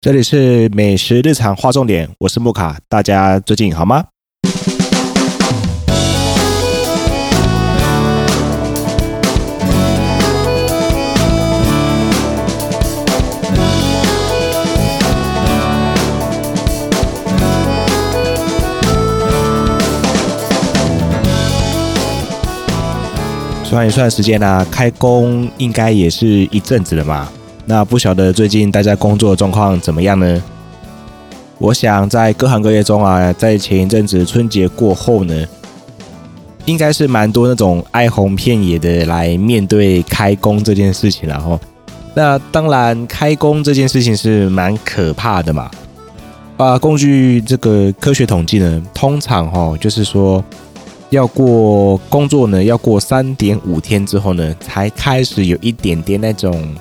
這裡是美食日常畫重點，我是木卡，大家最近好嗎？算一算時間啦，啊，開工應該也是一陣子了嘛。那不曉得最近大家工作的狀況怎麼樣呢？我想在各行各業中啊，在前一陣子春節過後呢，應該是蠻多那種哀鴻遍野的來面對開工這件事情了哈。那當然，開工這件事情是蠻可怕的嘛。啊，根據這個科學統計呢，通常哈就是說要過工作呢，要過三點五天之後呢，才開始有一點點那種。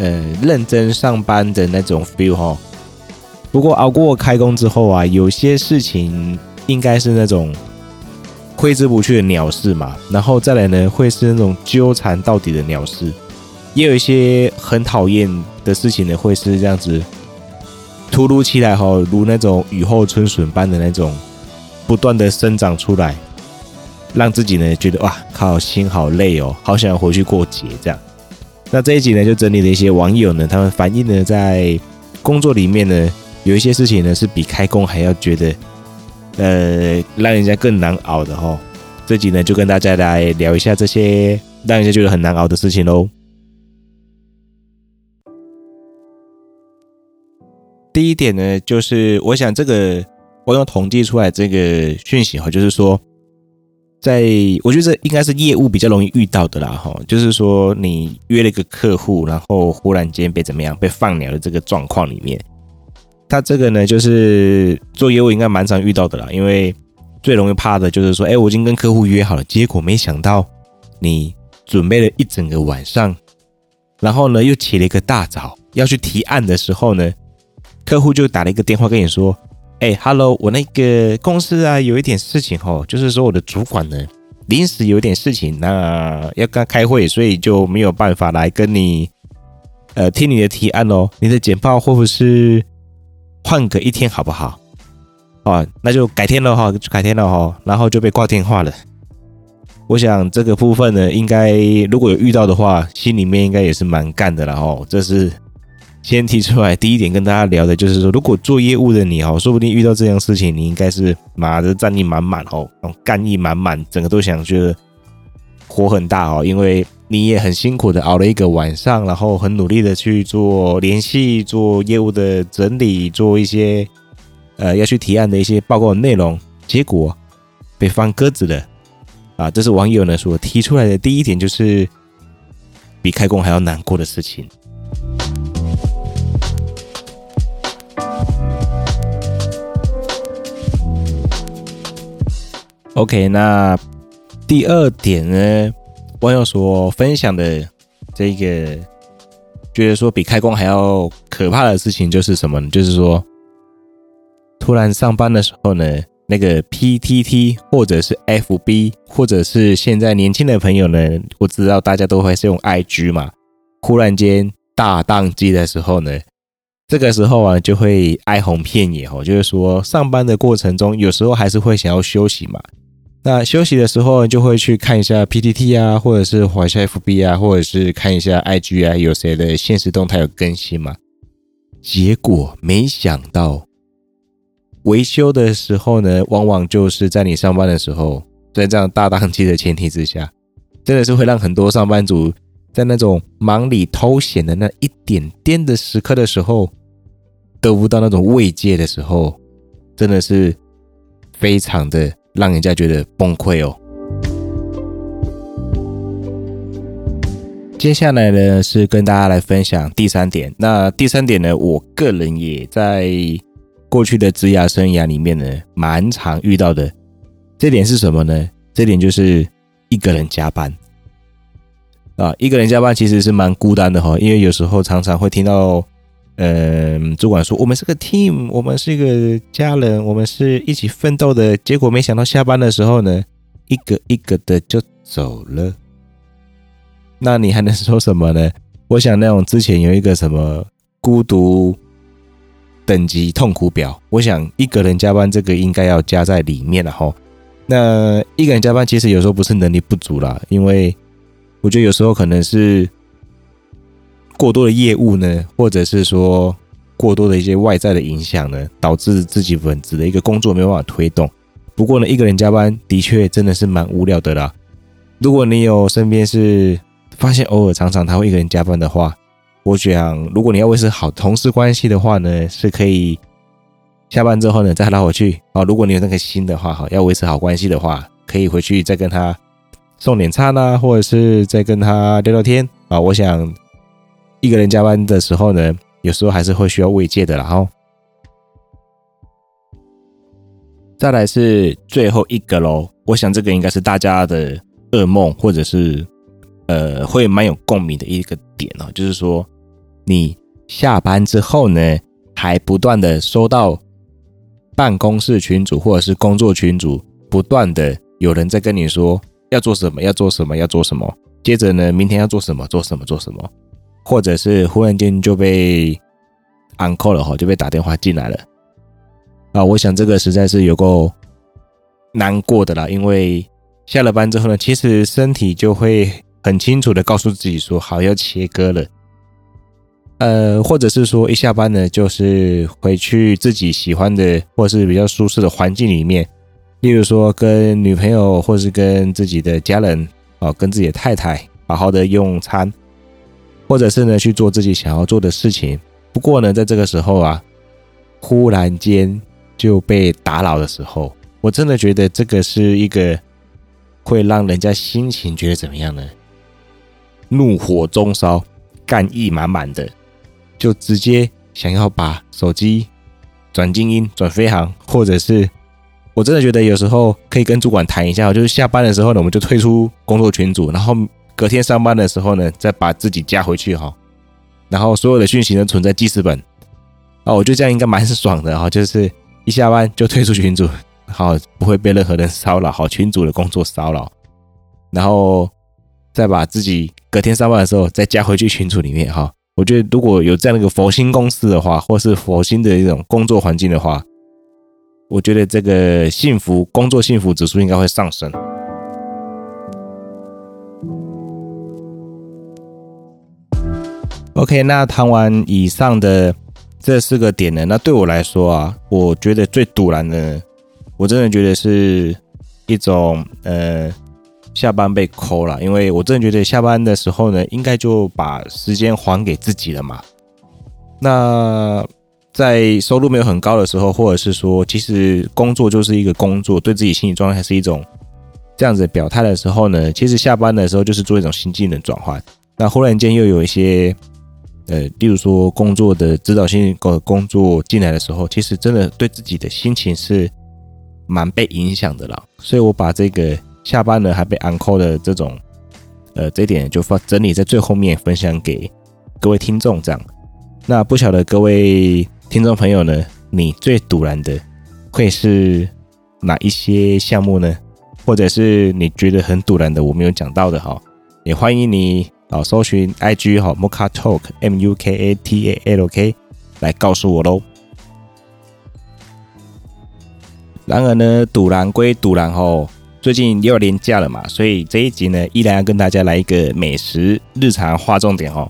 呃、嗯，認真上班的那種 feel 哈。不過熬過開工之後啊，有些事情應該是那種揮之不去的鳥事嘛。然後再來呢，會是那種糾纏到底的鳥事。也有一些很討厭的事情呢，會是這樣子突如其來哈，如那種雨後春筍般的那種不斷的生長出來，讓自己呢覺得哇靠，心好累哦、喔，好想要回去過節這樣。那這一集呢，就整理了一些網友呢，他們反映呢，在工作裡面呢，有一些事情呢，是比開工還要覺得，呃，讓人家更難熬的哦。這集呢，就跟大家來聊一下這些讓人家覺得很難熬的事情嘍。第一點呢，就是我想這個我用統計出來這個訊息哈，就是說。在我覺得這應該是業務比較容易遇到的啦，哈，就是說你約了一個客戶，然後忽然間被怎麼樣被放鳥的這個狀況裡面，他這個呢就是做業務應該蠻常遇到的啦，因為最容易怕的就是說，哎、欸，我已經跟客戶約好了，結果沒想到你準備了一整個晚上，然後呢又起了一個大早要去提案的時候呢，客戶就打了一個電話跟你說。哎哈嘍，Hello, 我那個公司啊，有一點事情哦，就是說我的主管呢，臨時有一點事情，那要跟他開會，所以就沒有辦法來跟你，呃，聽你的提案哦，你的簡報會不會是換個一天好不好？啊，那就改天了哈，改天了哈，然後就被掛電話了。我想這個部分呢，應該如果有遇到的話，心裡面應該也是蠻幹的了哦，這是。先提出來，第一點跟大家聊的就是說，如果做業務的你哦，說不定遇到這樣事情，你應該是馬的戰力滿滿哦，幹勁滿滿，整個都想覺得火很大哦，因為你也很辛苦的熬了一個晚上，然後很努力的去做聯繫、做業務的整理、做一些呃要去提案的一些報告內容，結果被放鴿子的啊。這是網友呢所提出來的第一點，就是比開工還要難過的事情。OK，那第二點呢，網友所分享的這個，覺得說比開工還要可怕的事情就是什麼呢？就是說，突然上班的時候呢，那個 PTT 或者是 FB 或者是現在年輕的朋友呢，我知道大家都還是用 IG 嘛，忽然間大宕機的時候呢，這個時候啊就會哀鴻遍野哦，就是說上班的過程中，有時候還是會想要休息嘛。那休息的時候就會去看一下 P T T 啊，或者是滑一下 F B 啊，或者是看一下 I G 啊，有誰的限時動態有更新嘛？結果沒想到，維修的時候呢，往往就是在你上班的時候，在這樣大檔期的前提之下，真的是會讓很多上班族在那種忙裡偷閒的那一點點的時刻的時候，得不到那種慰藉的時候，真的是非常的。讓人家覺得崩潰哦。接下來呢，是跟大家來分享第三點。那第三點呢，我個人也在過去的職涯生涯裡面呢，蠻常遇到的。這點是什麼呢？這點就是一個人加班啊，一個人加班其實是蠻孤單的哈，因為有時候常常會聽到。嗯，主管說我們是個 team，我們是一個家人，我們是一起奮鬥的。結果沒想到下班的時候呢，一個一個的就走了。那你還能說什麼呢？我想那種之前有一個什麼孤獨等級痛苦表，我想一個人加班這個應該要加在裡面了哈。那一個人加班其實有時候不是能力不足啦，因為我覺得有時候可能是。過多的業務呢，或者是說過多的一些外在的影響呢，導致自己本職的一個工作沒有辦法推動。不過呢，一個人加班的確真的是蠻無聊的啦。如果你有身邊是發現偶爾常常他會一個人加班的話，我想如果你要維持好同事關係的話呢，是可以下班之後呢再拉我回去啊。如果你有那個心的話哈，要維持好關係的話，可以回去再跟他送點餐啊，或者是再跟他聊聊天啊。我想。一個人加班的時候呢，有時候還是會需要慰藉的，然後，再來是最後一個嘍。我想這個應該是大家的噩夢，或者是呃，會蠻有共鳴的一個點哦。就是說，你下班之後呢，還不斷的收到辦公室群組或者是工作群組不斷的有人在跟你說要做什麼，要做什麼，要做什麼。接着呢，明天要做什麼，做什麼，做什麼。或者是忽然間就被 uncall 了哈，就被打電話進來了啊！我想這個實在是有夠難過的啦，因為下了班之後呢，其實身體就會很清楚的告訴自己說好：“好要切割了。”呃，或者是說一下班呢，就是回去自己喜歡的或是比較舒適的環境裡面，例如說跟女朋友，或是跟自己的家人哦、啊，跟自己的太太好好的用餐。或者是呢，去做自己想要做的事情。不過呢，在這個時候啊，忽然間就被打擾的時候，我真的覺得這個是一個會讓人家心情覺得怎麼樣呢？怒火中燒、幹意滿滿的，就直接想要把手機轉靜音、轉飛航，或者是我真的覺得有時候可以跟主管談一下，就是下班的時候呢，我們就退出工作群組，然後。隔天上班的時候呢，再把自己加回去哈，然後所有的訊息都存在記事本。啊，我覺得這樣應該蠻爽的哈，就是一下班就退出群組，好，不會被任何人騷擾，好，群組的工作騷擾，然後再把自己隔天上班的時候再加回去群組裡面哈。我覺得如果有這樣的一個佛心公司的話，或是佛心的一種工作環境的話，我覺得這個幸福工作幸福指數應該會上升。OK，那談完以上的這四個點呢，那對我來說啊，我覺得最堵爛的，我真的覺得是一種呃下班被 call 了，因為我真的覺得下班的時候呢，應該就把時間還給自己了嘛。那在收入沒有很高的時候，或者是說其實工作就是一個工作，對自己心理狀態是一種這樣子表態的時候呢，其實下班的時候就是做一種心境的轉換。那忽然間又有一些。呃，例如說工作的指導性的工作進來的時候，其實真的對自己的心情是蠻被影響的啦。所以我把這個下班了還被 on call 的這種，呃，這點就放整理在最後面分享給各位聽眾這樣。那不曉得各位聽眾朋友呢，你最堵爛的會是哪一些項目呢？或者是你覺得很堵爛的，我沒有講到的哈，也歡迎你。好，搜尋 IG 哈，Mukatalk M U K A T A L K 來告訴我嘍。然而呢，賭爛歸賭爛哈，最近又要連假了嘛，所以這一集呢，依然要跟大家來一個美食日常劃重點哦。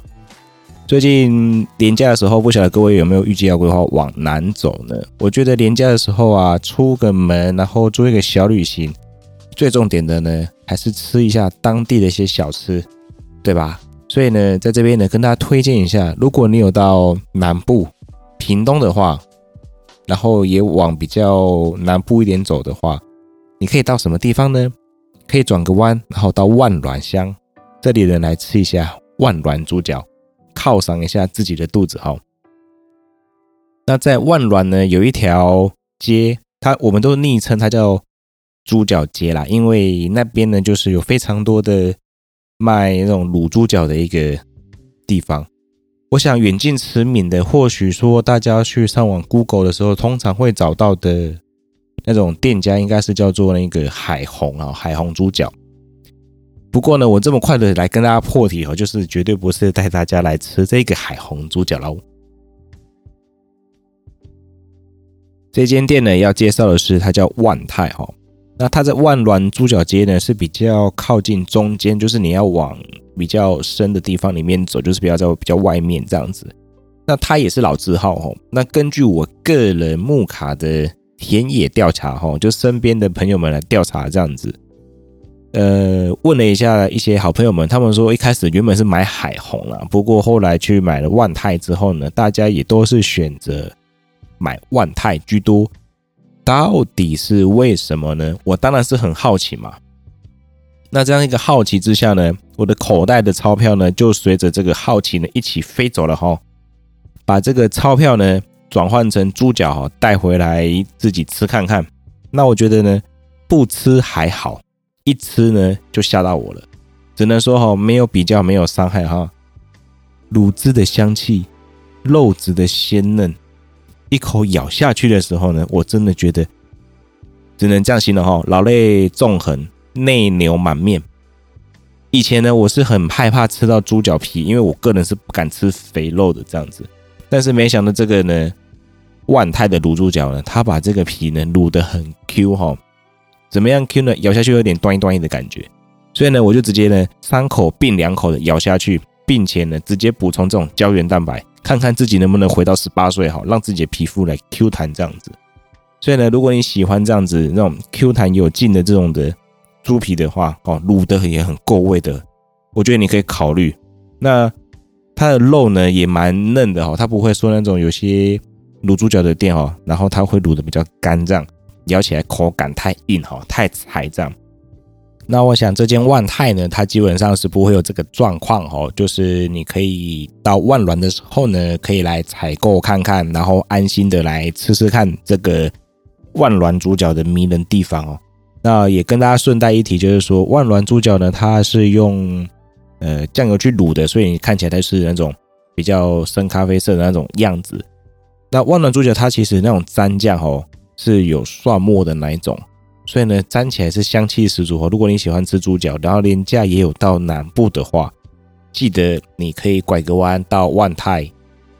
最近連假的時候，不曉得各位有沒有預計要規劃往南走呢？我覺得連假的時候啊，出個門，然後做一個小旅行，最重點的呢，還是吃一下當地的一些小吃。對吧？所以呢，在這邊呢，跟大家推薦一下，如果你有到南部屏東的話，然後也往比較南部一點走的話，你可以到什麼地方呢？可以轉個彎，然後到萬巒鄉，這裡人來吃一下萬巒豬腳，犒賞一下自己的肚子哈。那在萬巒呢，有一條街，它我們都昵稱它叫豬腳街啦，因為那邊呢，就是有非常多的。賣那種滷豬腳的一個地方，我想遠近馳名的，或許說大家去上網 Google 的時候，通常會找到的那種店家，應該是叫做那個海鴻啊，海鴻豬腳。不過呢，我這麼快的來跟大家破題哦，就是絕對不是帶大家來吃這個海鴻豬腳嘍。這間店呢，要介紹的是，它叫萬泰哈。那它在萬巒豬腳街呢，是比較靠近中間，就是你要往比較深的地方裡面走，就是比較在比較外面這樣子。那它也是老字號哦，那根據我個人木卡的田野調查哦，就身邊的朋友們來調查這樣子，呃，問了一下一些好朋友們，他們說一開始原本是買海鴻啊，不過後來去買了萬泰之後呢，大家也都是選擇買萬泰居多。到底是為什麼呢？我當然是很好奇嘛。那這樣一個好奇之下呢，我的口袋的鈔票呢，就隨着這個好奇呢一起飛走了哈。把這個鈔票呢轉換成豬腳哈，帶回來自己吃看看。那我覺得呢，不吃還好，一吃呢就嚇到我了。只能說哈，沒有比較沒有傷害哈。滷汁的香氣，肉質的鮮嫩。一口咬下去的時候呢，我真的覺得只能這樣形容了哈，老淚縱橫，內牛滿面。以前呢，我是很害怕吃到豬腳皮，因為我個人是不敢吃肥肉的這樣子。但是沒想到這個呢，萬泰的滷豬腳呢，他把這個皮呢滷得很 Q 哈，怎麼樣 Q 呢？咬下去有點斷一斷一的感覺。所以呢，我就直接呢三口併兩口的咬下去，並且呢直接補充這種膠原蛋白。看看自己能不能回到十八歲哈，讓自己的皮膚來 Q 彈這樣子。所以呢，如果你喜歡這樣子那種 Q 彈有勁的這種的豬皮的話，哦，滷的也很夠味的，我覺得你可以考慮。那它的肉呢也蠻嫩的哈，它不會說那種有些滷豬腳的店哦，然後它會滷的比較乾這樣，咬起來口感太硬哈，太柴這樣。那我想這間萬泰呢，它基本上是不會有這個狀況哦，就是你可以到萬巒的時候呢，可以來採購看看，然後安心的來吃吃看這個萬巒豬腳的迷人地方哦。那也跟大家順帶一提，就是說萬巒豬腳呢，它是用呃醬油去滷的，所以你看起來它是那種比較深咖啡色的那種樣子。那萬巒豬腳它其實那種蘸醬哦是有蒜末的那一種。所以呢，沾起來是香氣十足哦，如果你喜歡吃豬腳，然後連假也有到南部的話，記得你可以拐個彎到萬泰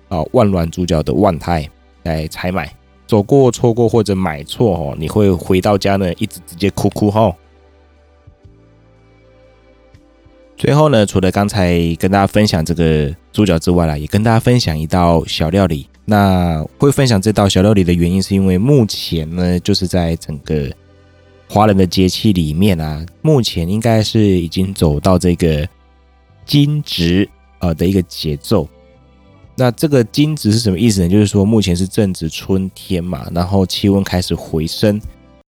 哦，萬巒豬腳的萬泰來採買。走過錯過或者買錯哦，你會回到家呢，一直直接哭哭吼。最後呢，除了剛才跟大家分享這個豬腳之外啦，也跟大家分享一道小料理。那會分享這道小料理的原因，是因為目前呢，就是在整個。華人的節氣裡面啊，目前應該是已經走到這個驚蟄呃的一個節奏。那這個驚蟄是什麼意思呢？就是說目前是正值春天嘛，然後氣溫開始回升，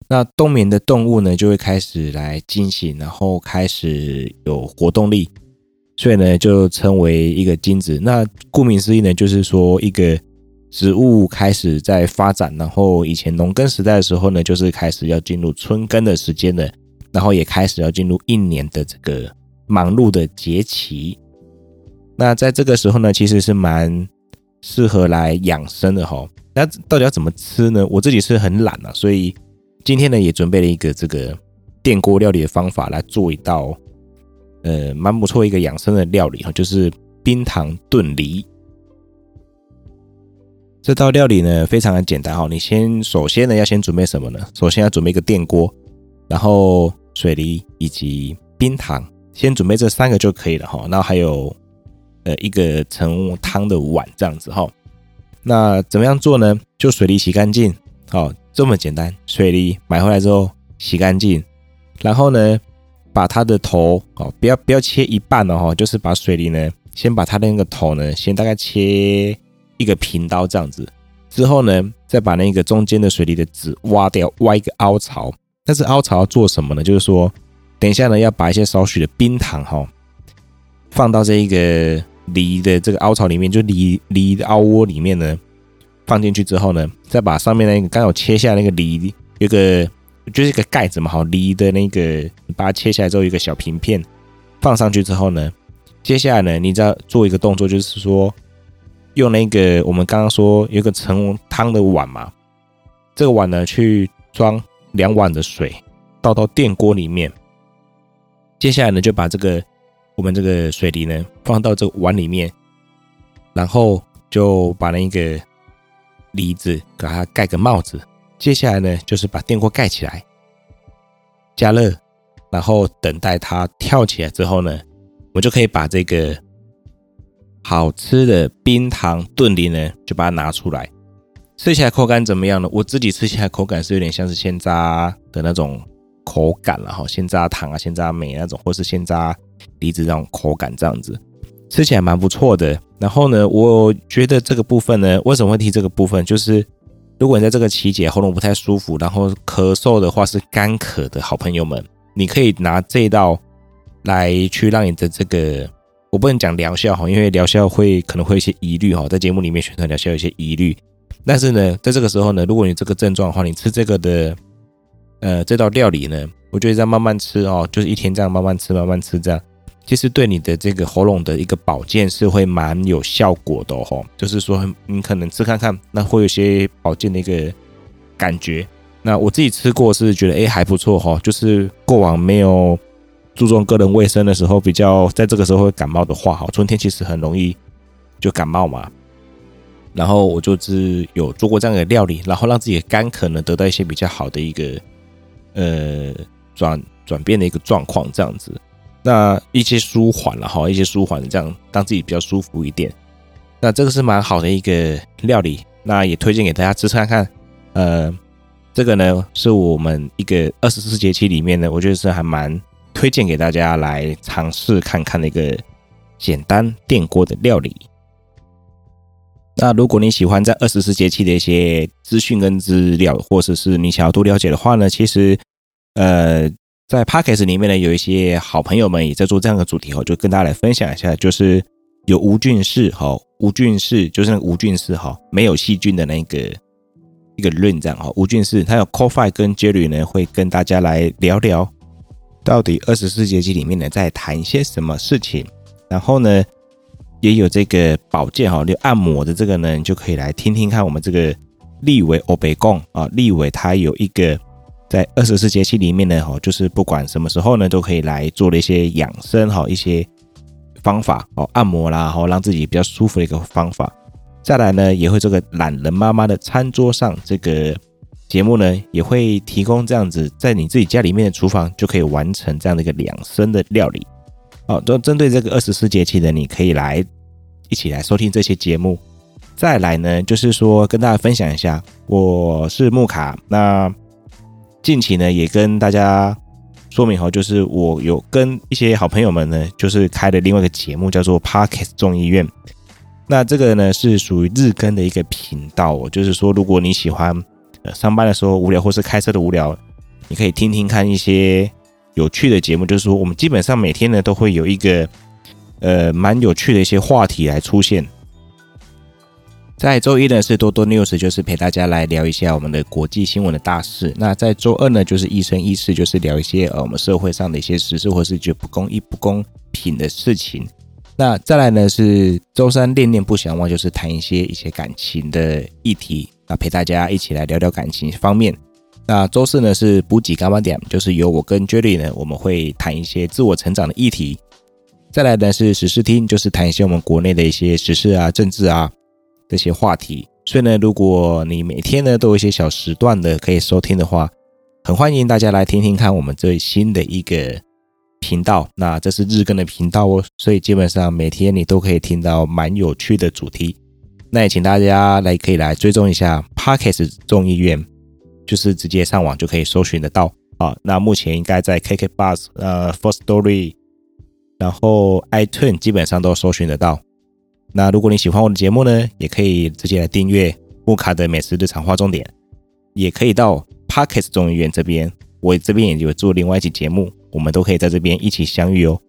那冬眠的動物呢，就會開始來驚醒，然後開始有活動力，所以呢，就稱為一個驚蟄。那顧名思義呢，就是說一個。植物開始在發展，然後以前農耕時代的時候呢，就是開始要進入春耕的時間了，然後也開始要進入一年的這個忙碌的節氣。那在這個時候呢，其實是蠻適合來養生的哈。那到底要怎麼吃呢？我自己是很懶啊，所以今天呢也準備了一個這個電鍋料理的方法來做一道，呃，蠻不錯一個養生的料理哈，就是冰糖燉梨。這道料理呢，非常的簡單哈。你先首先呢，要先準備什麼呢？首先要準備一個電鍋，然後水梨以及冰糖，先準備這三個就可以了哈。然後還有呃一個盛湯的碗這樣子哈。那怎麼樣做呢？就水梨洗乾淨，好這麼簡單。水梨買回來之後洗乾淨，然後呢把它的頭哦不要，不要切一半的喔哈，就是把水梨呢先把它的那個頭呢先大概切，一個平刀這樣子，之後呢，再把那個中間的水梨的籽挖掉，挖一個凹槽。但是凹槽要做什麼呢？就是說，等一下呢，要把一些少許的冰糖哈、哦，放到這一個梨的這個凹槽裡面，就梨梨的凹窩裡面呢，放進去之後呢，再把上面那個剛好切下那個梨，有一個就是一個蓋子嘛，好、哦，梨的那個把它切下來之後，一個小平片放上去之後呢，接下來呢，你要做一個動作，就是說。用那個我們剛剛說有個盛湯的碗嘛，這個碗呢，去裝兩碗的水，倒到電鍋裡面。接下來呢，就把這個我們這個水梨呢放到這個碗裡面，然後就把那個梨子給它蓋個帽子。接下來呢，就是把電鍋蓋起來，加熱，然後等待它跳起來之後呢，我們就可以把這個。好吃的冰糖燉梨呢，就把它拿出來，吃起來口感怎麼樣呢？我自己吃起來口感是有點像是鮮榨的那種口感了哈，鮮榨糖啊、鮮榨梅那種，或是鮮榨梨子那種口感，這樣子吃起來蠻不錯的。然後呢，我覺得這個部分呢，為什麼會提這個部分？就是如果你在這個期間喉嚨不太舒服，然後咳嗽的話是乾咳的好朋友們，你可以拿這一道來去讓你的這個。我不能講療效哈，因為療效會可能會有些疑慮哈，在節目裡面宣傳療效有一些疑慮。但是呢，在這個時候呢，如果你這個症狀的話，你吃這個的，呃，這道料理呢，我覺得這樣慢慢吃哦，就是一天這樣慢慢吃，慢慢吃這樣，其實對你的這個喉嚨的一個保健是會蠻有效果的哈。就是說你可能吃看看，那會有些保健的一個感覺。那我自己吃過是覺得哎、欸、還不錯哈，就是過往沒有。注重個人衛生的時候，比較在這個時候會感冒的話，哈，春天其實很容易就感冒嘛。然後我就是有做過這樣的料理，然後讓自己的乾咳呢得到一些比較好的一個呃轉轉變的一個狀況，這樣子，那一些舒緩了哈，一些舒緩這樣，讓自己比較舒服一點。那這個是蠻好的一個料理，那也推薦給大家吃吃看看。呃，這個呢是我們一個二十四節氣裡面的，我覺得是還蠻。推薦給大家來嘗試看看那一個簡單電鍋的料理。那如果你喜歡在二十四節氣的一些資訊跟資料，或者是，是你想要多了解的話呢，其實呃，在 Podcast 裡面呢，有一些好朋友們也在做這樣的主題哦，就跟大家來分享一下，就是有無菌室哈，無菌室就是無菌室哈，沒有細菌的那個一個論證哈，無菌室，他、哦、有 Coffee 跟 Jerry 呢，會跟大家來聊聊。到底二十四節氣裡面呢，在談一些什麼事情？然後呢，也有這個保健哈，就、哦、按摩的這個呢，你就可以來聽聽看我們這個立維歐北貢啊、哦，立維他有一個在二十四節氣裡面呢，哈、哦，就是不管什麼時候呢，都可以來做的一些養生哈、哦，一些方法哦，按摩啦，然、哦、後讓自己比較舒服的一個方法。再來呢，也會這個懶人媽媽的餐桌上這個。節目呢，也會提供這樣子，在你自己家裡面的廚房就可以完成這樣的一個養生的料理哦。都針對這個二十四節氣的，你可以來一起來收聽這些節目。再來呢，就是說跟大家分享一下，我是木卡。那近期呢，也跟大家說明好，就是我有跟一些好朋友們呢，就是開了另外一個節目，叫做《Parkes 眾議院》。那這個呢是屬於日更的一個頻道，就是說如果你喜歡。上班的時候無聊，或是開車的無聊，你可以聽聽看一些有趣的節目。就是說，我們基本上每天呢都會有一個呃蠻有趣的一些話題來出現。在周一呢是多多 news，就是陪大家來聊一下我們的國際新聞的大事。那在周二呢就是一生一世，就是聊一些呃我們社會上的一些時事或是不公義、不公平的事情。那再來呢是周三戀戀不相忘，就是談一些一些感情的議題。陪大家一起來聊聊感情方面。那周四呢是補給幹班點，就是由我跟 Jerry 呢，我們會談一些自我成長的議題。再來呢是時事聽，就是談一些我們國內的一些時事啊、政治啊這些話題。所以呢，如果你每天呢都有一些小時段的可以收聽的話，很歡迎大家來聽聽看我們最新的一個頻道。那這是日更的頻道哦，所以基本上每天你都可以聽到蠻有趣的主題。那也請大家來可以來追蹤一下 Podcast 眾議院，就是直接上網就可以搜尋得到啊。那目前應該在 KK Bus、呃、呃，Firstory，然後 iTunes 基本上都搜尋得到。那如果你喜歡我的節目呢，也可以直接來訂閱木卡的美食日常畫重點，也可以到 Podcast 眾議院這邊，我這邊也有做另外一集節目，我們都可以在這邊一起相遇哦。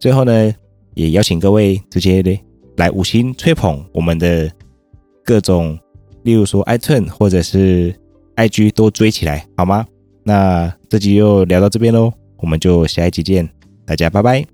最後呢，也邀請各位直接的來五星吹捧我們的。各種，例如說，iTunes 或者是 IG 都追起來，好嗎？那這集就聊到這邊嘍，我們就下一集見，大家拜拜。